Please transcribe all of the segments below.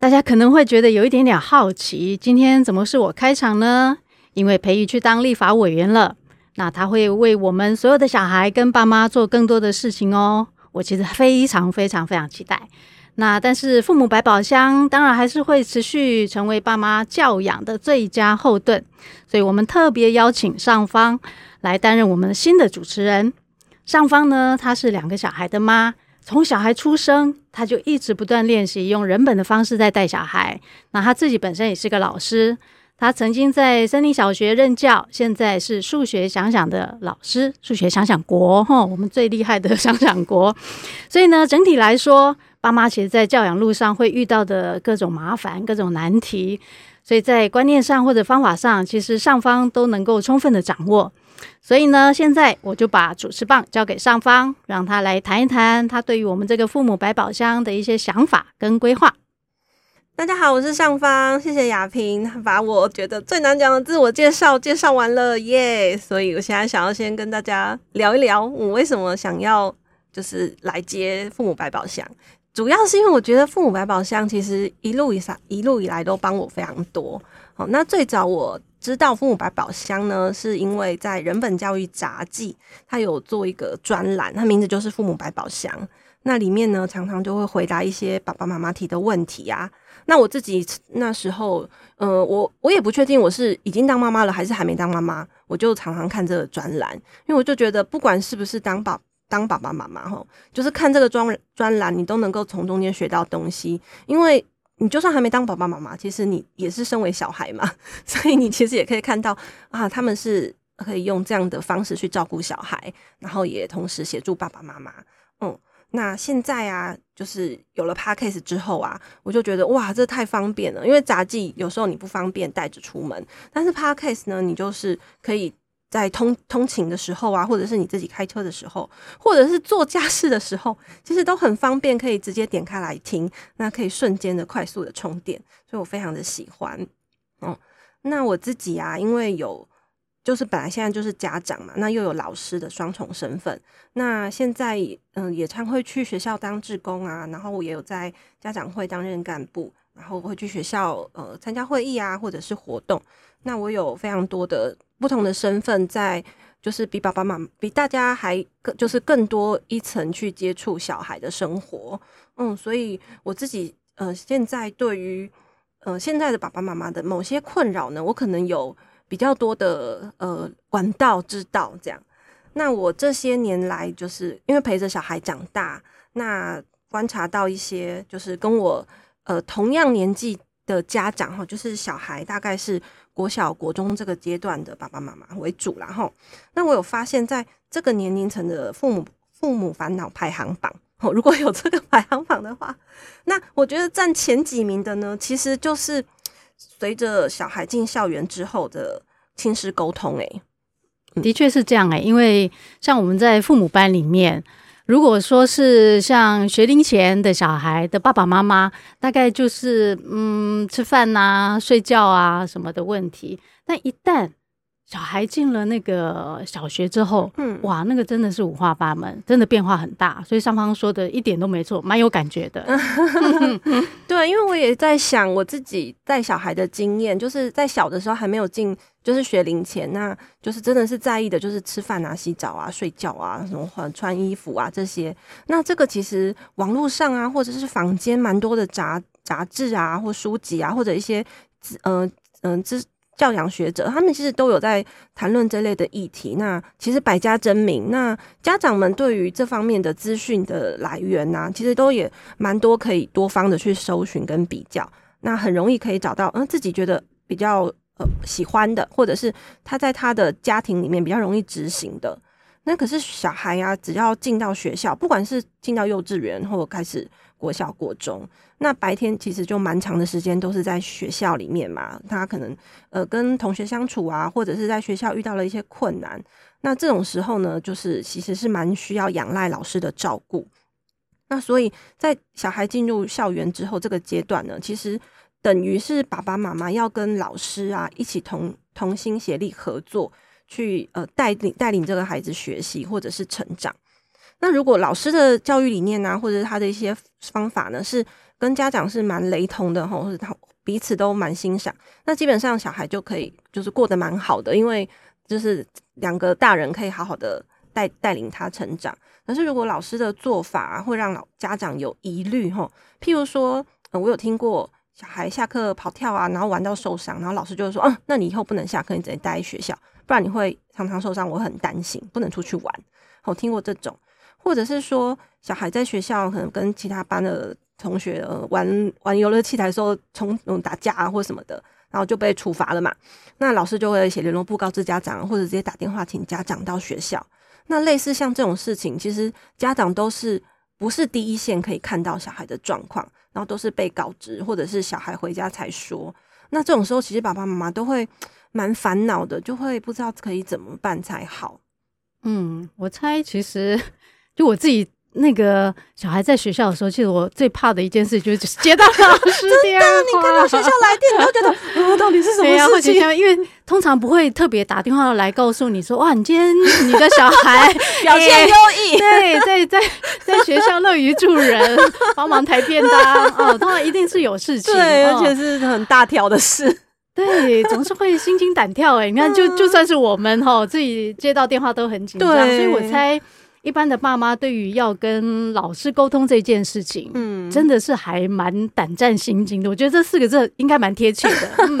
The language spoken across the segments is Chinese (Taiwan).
大家可能會覺得有一點點好奇，今天怎麼是我開場呢？因為培瑜去當立法委員了，那他會為我們所有的小孩跟爸媽做更多的事情哦。我其實非常非常非常期待。那但是父母百寶箱當然還是會持續成為爸媽教養的最佳後盾，所以我們特別邀請上方來擔任我們的新的主持人。上方呢，他是兩個小孩的媽。從小孩出生，他就一直不斷練習用人本的方式在帶小孩。那他自己本身也是個老師，他曾經在森林小學任教，現在是數學想想的老師，數學想想國哈，我們最厲害的想想國。所以呢，整體來說，爸媽其實在教養路上會遇到的各種麻煩、各種難題，所以在觀念上或者方法上，其實上方都能夠充分的掌握。所以呢，現在我就把主持棒交給上方，讓他來談一談他對於我們這個父母百寶箱的一些想法跟規劃。大家好，我是上方，謝謝雅萍，把我覺得最難講的自我介紹介紹完了耶。Yeah! 所以我現在想要先跟大家聊一聊，我為什麼想要就是來接父母百寶箱，主要是因為我覺得父母百寶箱其實一路以上一路以來都幫我非常多。好、哦，那最早我知道父母百寶箱呢，是因為在《人本教育雜記》，他有做一個專欄，他名字就是“父母百寶箱”。那裡面呢，常常就會回答一些爸爸媽媽提的問題啊。那我自己那時候，呃，我我也不確定我是已經當媽媽了還是還沒當媽媽，我就常常看這個專欄，因為我就覺得，不管是不是當爸當爸爸媽媽吼，就是看這個專專欄，你都能夠從中間學到東西，因為。你就算還沒當爸爸媽媽，其實你也是身為小孩嘛，所以你其實也可以看到啊，他們是可以用這樣的方式去照顧小孩，然後也同時協助爸爸媽媽。嗯，那現在啊，就是有了 Podcast 之後啊，我就覺得哇，這太方便了，因為雜誌有時候你不方便帶着出門，但是 Podcast 呢，你就是可以。在通通勤的時候啊，或者是你自己開車的時候，或者是做家事的時候，其實都很方便，可以直接點開來聽，那可以瞬間的快速的充電，所以我非常的喜歡。哦，那我自己啊，因為有就是本來現在就是家長嘛，那又有老師的雙重身份，那現在嗯，呃、也常會去學校當志工啊，然後我也有在家長會擔任幹部。然後我會去學校，呃，參加會議啊，或者是活動。那我有非常多的不同的身份，在就是比爸爸媽媽、比大家還更就是更多一層去接觸小孩的生活。嗯，所以我自己呃，現在對於呃現在的爸爸媽媽的某些困擾呢，我可能有比較多的呃管道知道這樣。那我這些年來，就是因為陪着小孩長大，那觀察到一些就是跟我。呃，同樣年紀的家長哈，就是小孩大概是國小、國中這個階段的爸爸媽媽為主了哈。那我有發現，在這個年齡層的父母，父母煩惱排行榜，如果有這個排行榜的話，那我覺得佔前幾名的呢，其實就是隨着小孩進校園之後的親師溝通、欸。哎、嗯，的確是這樣哎、欸，因為像我們在父母班裡面。如果說是像學齡前的小孩的爸爸媽媽，大概就是嗯吃飯吶、啊、睡覺啊什麼的問題，但一旦。小孩進了那個小學之後，嗯，哇，那個真的是五花八門，真的變化很大。所以上方說的一點都沒錯，蠻有感覺的。 對，因為我也在想我自己帶小孩的經驗，就是在小的時候還沒有進就是學齡前，那就是真的是在意的就是吃飯啊、洗澡啊、睡覺啊、什麼穿衣服啊這些。那這個其實網絡上啊，或者是坊間蠻多的雜雜誌啊，或書籍啊，或者一些嗯嗯知。呃呃教養學者，他們其實都有在談論這類的議題。那其實百家爭鳴，那家長們對於這方面的資訊的來源啊，其實都也蠻多，可以多方的去搜尋跟比較。那很容易可以找到，嗯，自己覺得比較呃喜歡的，或者是他在他的家庭裡面比較容易執行的。那可是小孩呀、啊，只要進到學校，不管是進到幼稚園或開始。國小、國中，那白天其實就蠻長的時間都是在學校裡面嘛。他可能呃跟同學相處啊，或者是在學校遇到了一些困難，那這種時候呢，就是其實是蠻需要仰賴老師的照顧。那所以在小孩進入校園之後這個階段呢，其實等於是爸爸媽媽要跟老師啊一起同同心協力合作，去呃帶領帶領這個孩子學習或者是成長。那如果老師的教育理念啊，或者是他的一些方法呢，是跟家長是蠻雷同的齁，或者他彼此都蠻欣賞，那基本上小孩就可以就是過得蠻好的，因為就是兩個大人可以好好的帶帶領他成長。可是如果老師的做法，啊，會讓老家長有疑慮齁，譬如說，呃，我有聽過小孩下課跑跳啊，然後玩到受傷，然後老師就會說，嗯，那你以後不能下課，你直接待在學校，不然你會常常受傷，我很擔心，不能出去玩。我，哦，聽過這種。或者是說，小孩在學校可能跟其他班的同學玩玩遊樂器材的時候，從打架啊或什麼的，然後就被處罰了嘛？那老師就會寫聯絡簿告知家長，或者直接打電話請家長到學校。那類似像這種事情，其實家長都是不是第一線可以看到小孩的狀況，然後都是被告知，或者是小孩回家才說。那這種時候，其實爸爸媽媽都會蠻煩惱的，就會不知道可以怎麼辦才好。嗯，我猜其實。就我自己那個小孩在學校的時候，其實我最怕的一件事就是接到老師的電話。你看到學校來電，都會 覺得我、哦、到底是什麼事情？啊、因為通常不會特別打電話來告訴你說：“哇，你今天你的小孩、 欸、表現優異，對，在在在學校樂於助人，幫忙抬便當啊！”當、哦、然一定是有事情，對，哦、而且是很大條的事。對，總是會心驚膽跳。哎，你看，嗯、就就算是我們哈、哦、自己接到電話都很緊張，對所以我猜。一般的爸媽對於要跟老師溝通這件事情，嗯，真的是還蠻膽戰心驚的。我覺得這四個字應該蠻貼切的，嗯、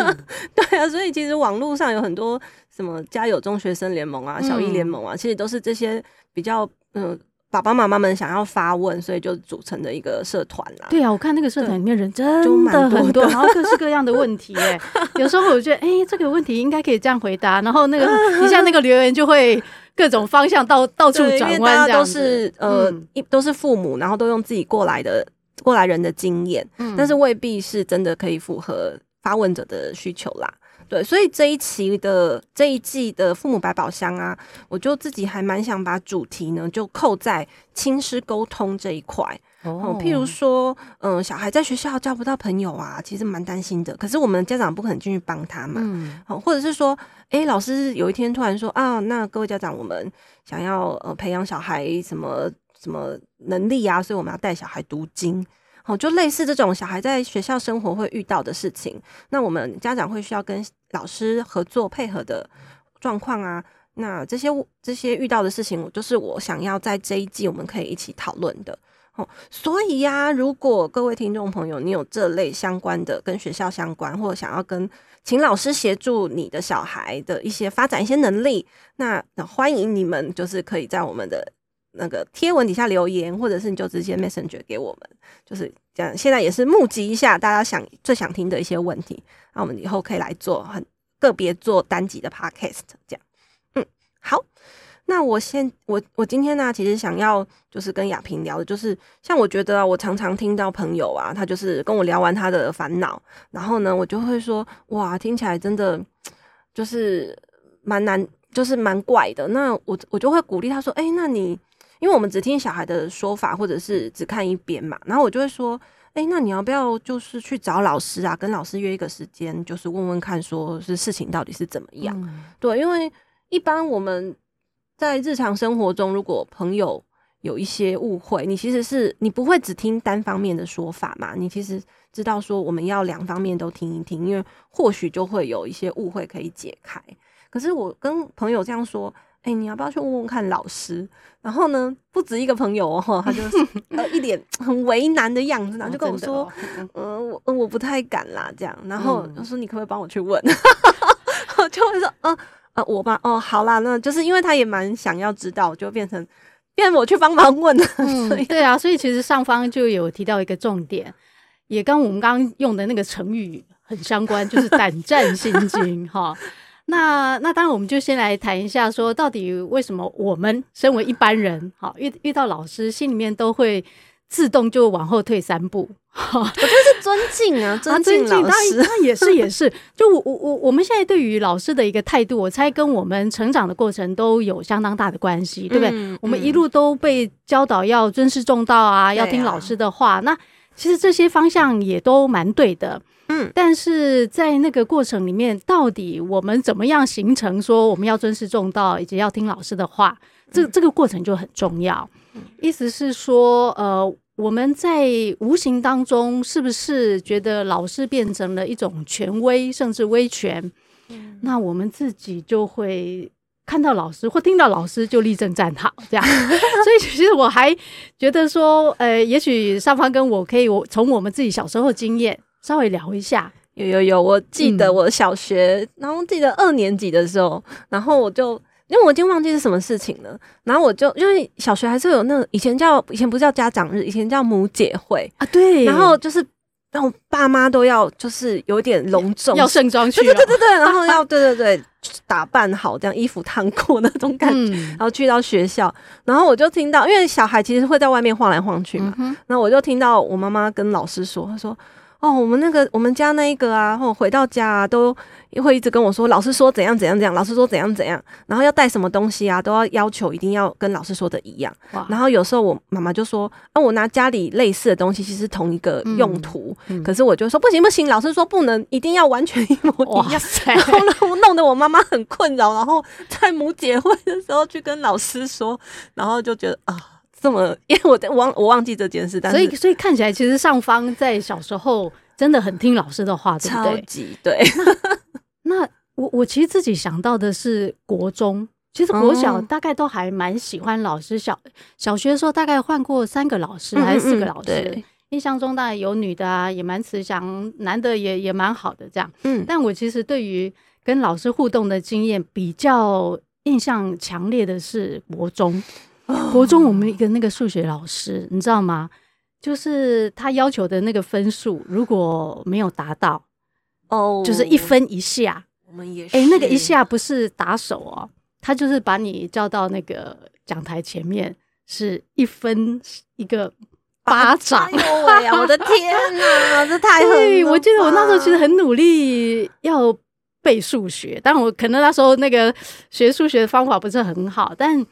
對啊。所以其實網絡上有很多什麼“家有中學生聯盟”啊、“小一聯盟”啊，嗯、其實都是這些比較嗯。呃爸爸媽媽們想要發問，所以就組成的一個社團啦。對啊，我看那個社團裡面人真的，就滿多的，很多，然後各式各樣的問題、欸、 有時候我覺得，哎、欸，這個問題應該可以這樣回答。然後那個，你像那個留言就會各種方向到到處轉彎這樣，都是呃，嗯、一都是父母，然後都用自己過來的過來人的經驗，但是未必是真的可以符合發問者的需求啦。對，所以這一期的這一季的父母百寶箱啊，我就自己還蠻想把主題呢，就扣在親師溝通這一塊。哦，oh。譬如說，嗯、呃，小孩在學校交不到朋友啊，其實蠻擔心的。可是我們家長不可能進去幫他嘛，嗯、或者是說，哎、欸，老師有一天突然說啊，那各位家長，我們想要呃培養小孩什麼什麼能力啊，所以我們要帶小孩讀經。哦，就類似這種小孩在學校生活會遇到的事情，那我們家長會需要跟老師合作配合的狀況啊，那這些這些遇到的事情，我就是我想要在這一季我們可以一起討論的。哦，所以呀，啊，如果各位聽眾朋友，你有這類相關的跟學校相關，或者想要跟請老師協助你的小孩的一些發展一些能力那，那歡迎你們就是可以在我們的。那個貼文底下留言，或者是你就直接 Messenger 給我們，就是這樣。現在也是募集一下大家想最想聽的一些問題，那我們以後可以來做很個別做單集的 podcast，這樣。嗯，好。那我先我我今天呢、啊，其實想要就是跟亞萍聊的，就是像我覺得、啊、我常常聽到朋友啊，他就是跟我聊完他的煩惱，然後呢，我就會說哇，聽起來真的就是蠻難，就是蠻怪的。那我我就會鼓勵他說，哎、欸，那你。因為我們只聽小孩的說法，或者是只看一邊嘛，然後我就會說，誒、欸，那你要不要就是去找老師啊，跟老師約一個時間，就是問問看，說是事情到底是怎麼樣？嗯、對，因為一般我們在日常生活中，如果朋友有一些誤會，你其實是你不會只聽單方面的說法嘛，你其實知道說我們要兩方面都聽一聽，因為或許就會有一些誤會可以解開。可是我跟朋友這樣說。哎、欸，你要不要去問問看老師？然後呢，不止一個朋友哦，他就他一臉很為難的樣子， 然後就跟我說：“哦哦、嗯，我我不太敢啦。”這樣，然後他說：“嗯、你可不可以幫我去問？”我 就會說：“嗯、呃，啊、呃，我吧，哦，好啦，那就是因為他也蠻想要知道，就變成變我去幫忙問、嗯、對啊，所以其實上方就有提到一個重點，也跟我們剛剛用的那個成語很相關，就是膽戰心驚，哈、 哦。那那當然，我們就先來談一下，說到底為什麼我們身為一般人，哈，遇遇到老師，心裡面都會自動就往後退三步。我這是尊敬啊，尊敬老師。那也是也是， 就我我我我們現在對於老師的一個態度，我猜跟我們成長的過程都有相當大的關係，嗯、對不對？嗯、我們一路都被教導要尊師重道啊，啊要聽老師的話。那其實這些方向也都蠻對的，嗯，但是在那個過程裡面，到底我們怎麼樣形成說我們要尊師重道，以及要聽老師的話，這這個過程就很重要。嗯，意思是說，呃，我們在無形當中是不是覺得老師變成了一種權威，甚至威權？嗯，那我們自己就會。看到老師或聽到老師就立正站好，這樣。 所以其實我還覺得說，呃，也許上方跟我可以從我,我們自己小時候的經驗稍微聊一下。有有有，我記得我小學，嗯、然後記得二年級的時候，然後我就因為我已經忘記是什麼事情了，然後我就因為小學還是有那個、以前叫以前不是叫家長日，以前叫母姐會啊。對。然後就是讓我爸媽都要就是有點隆重，要盛裝去對對對對對， 然後要對對對。打扮好，這樣，衣服燙過那種感覺，嗯、然後去到學校，然後我就聽到，因為小孩其實會在外面晃來晃去嘛，那、嗯、哼我就聽到我媽媽跟老師說，她說。哦，我們那個，我們家那一個啊，然後回到家啊，都會一直跟我說，老師說怎樣怎樣怎樣，老師說怎樣怎樣，然後要帶什麼東西啊，都要要求一定要跟老師說的一樣。哇然後有時候我媽媽就說，啊，我拿家裡類似的東西，其實同一個用途，嗯嗯、可是我就說不行不行，老師說不能，一定要完全一模一樣，塞然後弄得我媽媽很困擾，然後在母姐會的時候去跟老師說，然後就覺得啊。這麼，因為我在，我忘，我忘記這件事，但所以所以看起來其實上方在小時候真的很聽老師的話，對不對？超級對那。那我我其實自己想到的是國中，其實國小、哦、大概都還蠻喜歡老師小。小小學的時候大概換過三個老師還是四個老師，印象中大概有女的啊，也蠻慈祥，男的也也蠻好的這樣。嗯，但我其實對於跟老師互動的經驗比較印象強烈的是國中。國中我們一個那個數學老師，你知道嗎？就是他要求的那個分數如果沒有達到，哦，oh, 就是一分一下，我們也是、欸，那個一下不是打手哦，他就是把你叫到那個講台前面，是一分一個巴掌。八、哎呦，我，我的天哪， 這太狠對！我記得我那時候其實很努力要背數學，但我可能那時候那個學數學的方法不是很好，但。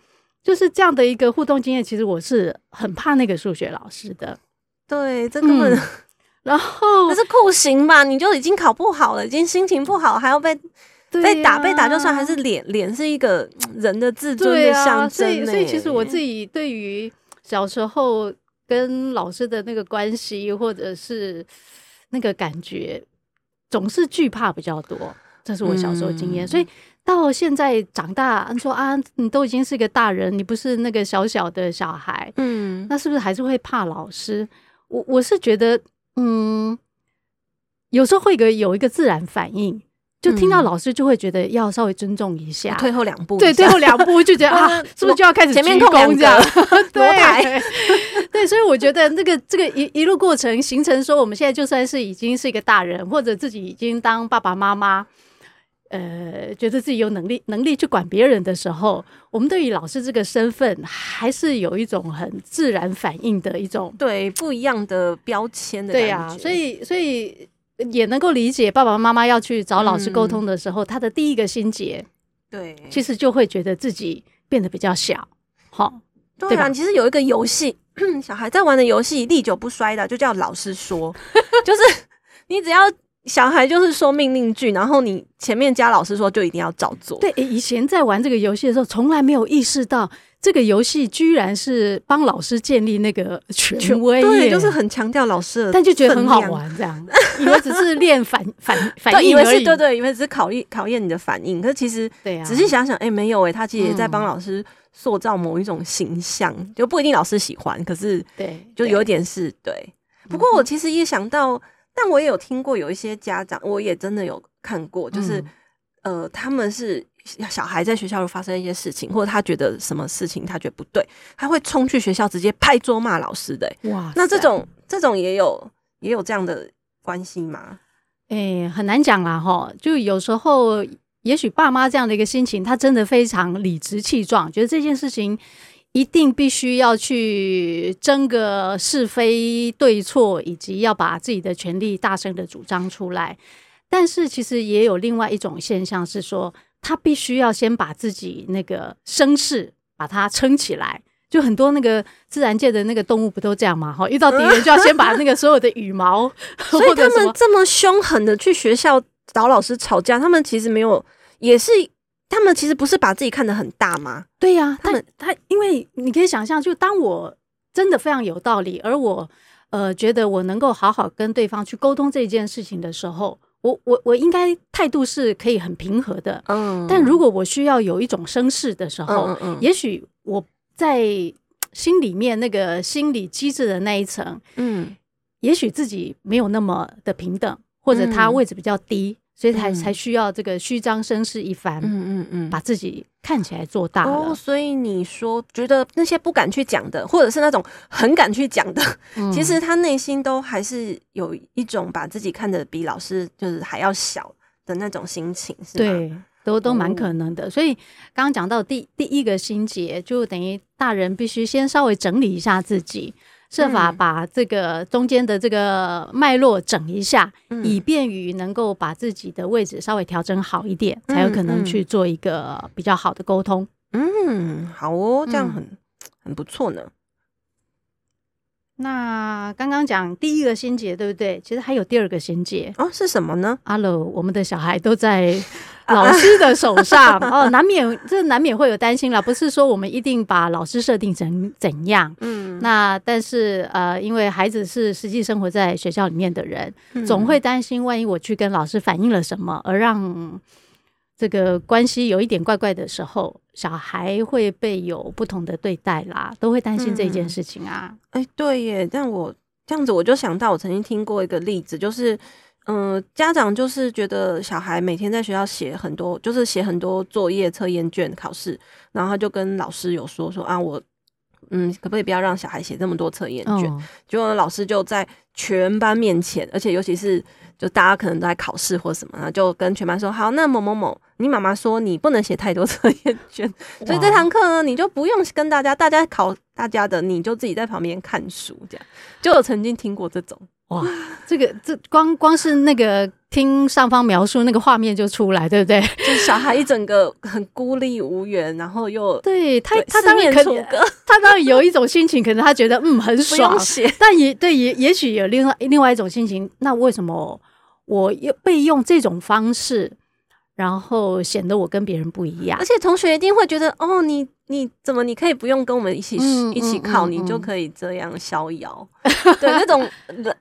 就是這樣的一個互動經驗，其實我是很怕那個數學老師的。對，真的、這個、嗯、然後可是酷刑嘛？你就已經考不好了，已經心情不好，還要被、啊、被打，被打就算，還是臉，臉是一個人的自尊的象徵呢、啊。所以其實我自己對於小時候跟老師的那個關係，或者是那個感覺，總是懼怕比較多。這是我小時候經驗，嗯、所以到現在長大，說啊，你都已經是一個大人，你不是那個小小的小孩，嗯，那是不是還是會怕老師？我我是覺得，嗯，有時候會有一,有一個自然反應，就聽到老師就會覺得要稍微尊重一下，嗯、對退後兩步，對，退後兩步就覺得 啊，是不是就要開始前面鞠躬這樣？ 台對，對，所以我覺得那個這個一一路過程形成說，我們現在就算是已經是一個大人，或者自己已經當爸爸媽媽。呃，覺得自己有能力，能力去管別人的時候，我們對於老師這個身份，還是有一種很自然反應的一種對不一樣的標籤的感覺。對啊，所以所以也能夠理解爸爸媽媽要去找老師溝通的時候，嗯、他的第一個心結，對，其實就會覺得自己變得比較小，好、啊，對吧？其實有一個遊戲，小孩在玩的遊戲歷久不衰的，就叫老師說， 就是你只要。小孩就是說命令句，然後你前面加老師說，就一定要照做。對、欸，以前在玩這個遊戲的時候，從來沒有意識到這個遊戲居然是幫老師建立那個權威。對，就是很強調老師的，但就覺得很好玩，這樣 以為只是練反反反應而已。對，以為是，對，對對，以為只是考驗考驗你的反應，可是其實對啊，仔細想想，哎、啊欸，沒有哎、欸，他其實也在幫老師塑造某一種形象，嗯、就不一定老師喜歡，可是，是對，就有點是對。對，不過我其實一想到。嗯但我也有聽過有一些家長，我也真的有看過，就是，嗯、呃，他們是小孩在學校發生一些事情，或者他覺得什麼事情他覺得不對，他會衝去學校直接拍桌罵老師的、欸。哇塞！那這種這種也有也有這樣的關係嗎？誒、欸，很難講啦。哈。就有時候，也許爸媽這樣的一個心情，他真的非常理直氣壯，覺得這件事情。一定必須要去爭個是非對錯，以及要把自己的權利大聲的主張出來。但是其實也有另外一種現象是說，他必須要先把自己那個聲勢把它撐起來。就很多那個自然界的那個動物不都這樣嗎？哈，遇到敵人就要先把那個所有的羽毛， 所以他們這麼兇狠的去學校找老師吵架，他們其實沒有也是。他們其實不是把自己看得很大嗎？對呀、啊，他們他，因為你可以想象，就當我真的非常有道理，而我呃覺得我能夠好好跟對方去溝通這件事情的時候，我我我應該態度是可以很平和的，嗯，嗯，嗯。但如果我需要有一種聲勢的時候，嗯，嗯，嗯，也許我在心裡面那個心理機制的那一層，嗯，也許自己沒有那麼的平等，或者他位置比較低。嗯嗯所以才才需要這個虛張聲勢一番，嗯嗯嗯，嗯嗯嗯把自己看起來做大了。哦。所以你說，覺得那些不敢去講的，或者是那種很敢去講的，嗯、其實他內心都還是有一種把自己看得比老師就是還要小的那種心情，是吧？對，都都蠻可能的。嗯、所以剛剛講到第第一個心結，就等於大人必須先稍微整理一下自己。設法把這個中間的這個脈絡整一下，嗯、以便於能夠把自己的位置稍微調整好一點，嗯、才有可能去做一個比較好的溝通。嗯，嗯，好哦，這樣很、嗯、很不錯呢。那剛剛講第一個心結，對不對？其實還有第二個心結哦，是什麼呢？Hello，我們的小孩都在老師的手上 哦，難免這難免會有擔心了。不是說我們一定把老師設定成怎樣，嗯。那但是呃，因為孩子是實際生活在學校裡面的人，嗯、總會擔心萬一我去跟老師反映了什麼，而讓這個關係有一點怪怪的時候，小孩會被有不同的對待啦，都會擔心這一件事情啊。哎、嗯欸，對耶，但我這樣子我就想到，我曾經聽過一個例子，就是嗯、呃，家長就是覺得小孩每天在學校寫很多，就是寫很多作業、測驗卷、考試，然後他就跟老師有說說啊我。嗯，可不可以不要讓小孩寫這麼多測驗卷？嗯、就呢，老師就在全班面前，而且尤其是就大家可能都在考試或什麼，就跟全班說：“好，那某某某，你媽媽說你不能寫太多測驗卷，哇所以這堂課呢，你就不用跟大家，大家考大家的，你就自己在旁邊看書。”這樣就有曾經聽過這種。哇，這個這光光是那個聽上方描述那個畫面就出來，對不對？就小孩一整個很孤立無援，然後又對他對他當然可他當然有一種心情，可能他覺得嗯，很爽，用但也對也也許有另外另外一種心情。那為什麼我又被用這種方式？然後顯得我跟別人不一樣，而且同學一定會覺得哦，你你怎麼你可以不用跟我們一起、嗯、一起考，嗯嗯嗯、你就可以這樣逍遙， 對那種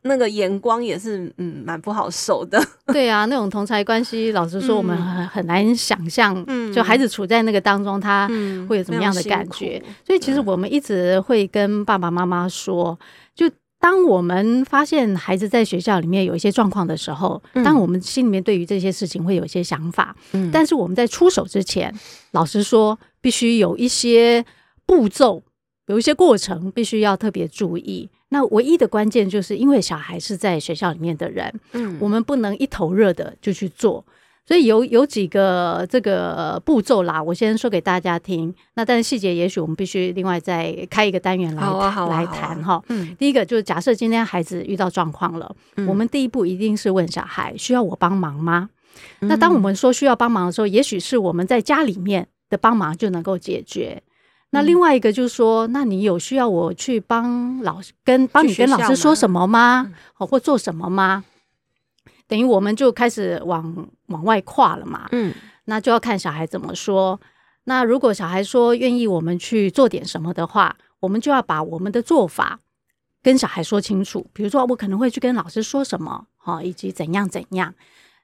那個眼光也是嗯蠻不好受的。 對啊，那種同儕關係，老實說我們很，、嗯、很難想象，嗯、就孩子處在那個當中，他會有怎麼樣的感覺？嗯、所以其實我們一直會跟爸爸媽媽說，嗯、就。當我們發現孩子在學校裡面有一些狀況的時候，當我們心裡面對於這些事情會有一些想法，嗯。但是我們在出手之前，嗯。老實說，必須有一些步驟，有一些過程，必須要特別注意。那唯一的關鍵就是因為小孩是在學校裡面的人，嗯。我們不能一頭熱的就去做。所以有有幾個這個步驟啦，我先說給大家聽。那但是細節，也許我們必須另外再開一個單元來談、好啊、好啊、好啊、來談哈。嗯、第一個就是，假設今天孩子遇到狀況了，嗯、我們第一步一定是問小孩：需要我幫忙嗎？嗯、那當我們說需要幫忙的時候，也許是我們在家裡面的幫忙就能夠解決。嗯、那另外一個就是說，那你有需要我去幫老師跟幫你跟老師說什麼嗎？或或做什麼嗎？等於我們就開始往往外跨了嘛，嗯，那就要看小孩怎麼說。那如果小孩說願意，我們去做點什麼的話，我們就要把我們的做法跟小孩說清楚。比如說，我可能會去跟老師說什麼，好，以及怎樣怎樣，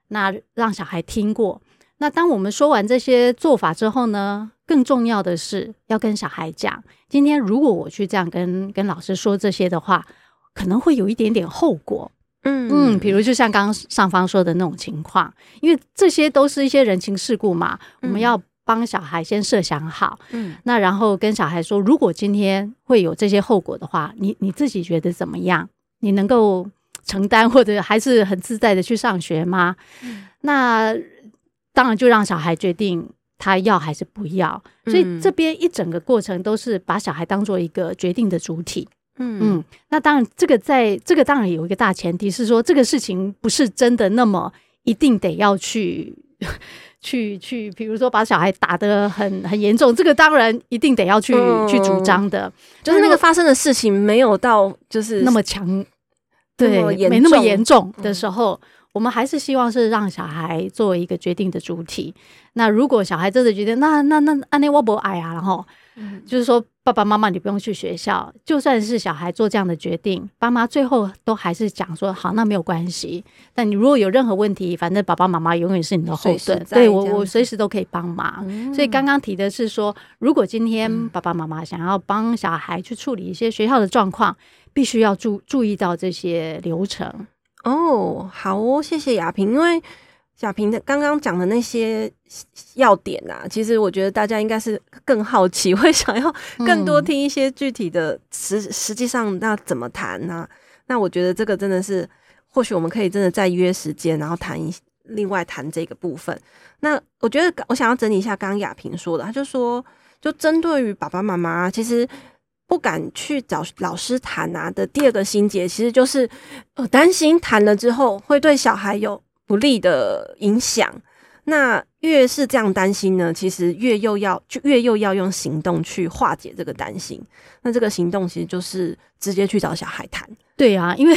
那讓小孩聽過。那當我們說完這些做法之後呢，更重要的是要跟小孩講，今天如果我去這樣跟跟老師說這些的話，可能會有一點點後果。嗯嗯，比如就像剛剛上方說的那種情況，因為這些都是一些人情世故嘛，嗯、我們要幫小孩先設想好。嗯，那然後跟小孩說，如果今天會有這些後果的話，你你自己覺得怎麼樣？你能夠承擔，或者還是很自在的去上學嗎？嗯、那當然就讓小孩決定他要還是不要。所以這邊一整個過程都是把小孩當做一個決定的主體。嗯嗯，那當然，這個在這個當然有一個大前提是說，這個事情不是真的那麼一定得要去去去，比如說把小孩打得很很嚴重，這個當然一定得要去去主張的，嗯、就是那個發生的事情沒有到就是那麼強。對，嚴重沒那麼嚴重的時候，嗯、我們還是希望是讓小孩作為一個決定的主體。那如果小孩真的覺得，那那那安那我不愛呀，然後就是說爸爸媽媽，你不用去學校。就算是小孩做這樣的決定，爸媽最後都還是講說好，那沒有關係。但你如果有任何問題，反正爸爸媽媽永遠是你的後盾。對我，我隨時都可以幫忙。嗯、所以剛剛提的是說，如果今天爸爸媽媽想要幫小孩去處理一些學校的狀況。必須要注注意到這些流程哦，oh, 好哦，謝謝雅萍，因為雅萍的剛剛講的那些要點啊，其實我覺得大家應該是更好奇，會想要更多聽一些具體的實。嗯、實際上，那怎麼談呢、啊？那我覺得這個真的是，或許我們可以真的再約時間，然後談一另外談這個部分。那我覺得我想要整理一下剛剛雅萍說的，他就說，就針對於爸爸媽媽，其實。不敢去找老師談啊的第二個心結，其實就是呃擔心談了之後會對小孩有不利的影響。那越是這樣擔心呢，其實越又要就越又要用行動去化解這個擔心。那這個行動其實就是直接去找小孩談。對啊，因為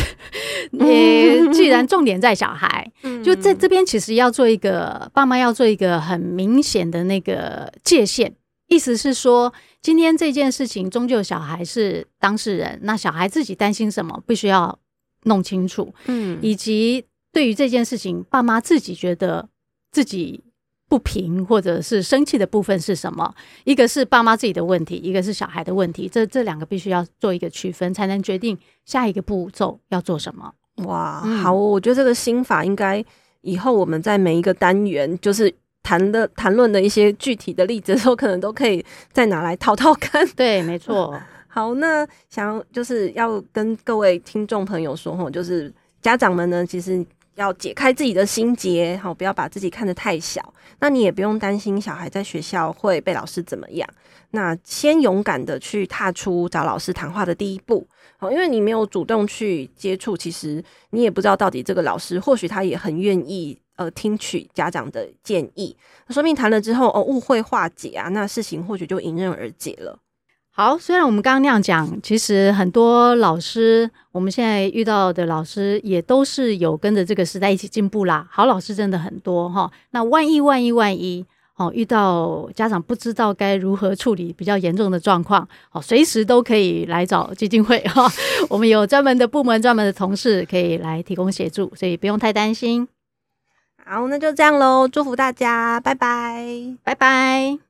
你、欸、既然重點在小孩， 就在這邊其實要做一個爸媽要做一個很明顯的那個界限，意思是說。今天這件事情終究小孩是當事人，那小孩自己擔心什麼，必須要弄清楚。嗯，以及對於這件事情，爸媽自己覺得自己不平或者是生氣的部分是什麼？一個是爸媽自己的問題，一個是小孩的問題。這這兩個必須要做一個區分，才能決定下一個步驟要做什麼。哇，嗯，好哦，我覺得這個心法應該以後我們在每一個單元就是。談的談論的一些具體的例子的時候，可能都可以再拿來套套看。對，沒錯。嗯。好，那想要就是要跟各位聽眾朋友說，吼，就是家長們呢，其實要解開自己的心結，好，不要把自己看得太小。那你也不用擔心小孩在學校會被老師怎麼樣。那先勇敢的去踏出找老師談話的第一步，吼，因為你沒有主動去接觸，其實你也不知道到底這個老師，或許他也很願意。呃，聽取家長的建議，那說明談了之後哦，誤會化解啊，那事情或許就迎刃而解了。好，雖然我們剛剛那樣講，其實很多老師，我們現在遇到的老師也都是有跟着這個時代一起進步啦。好老師真的很多哈、哦。那萬一萬一萬一哦，遇到家長不知道該如何處理比較嚴重的狀況，哦，隨時都可以來找基金會哈、哦。我們有專門的部門、專門的同事可以來提供協助，所以不用太擔心。好，那就這樣嘍，祝福大家，拜拜，拜拜。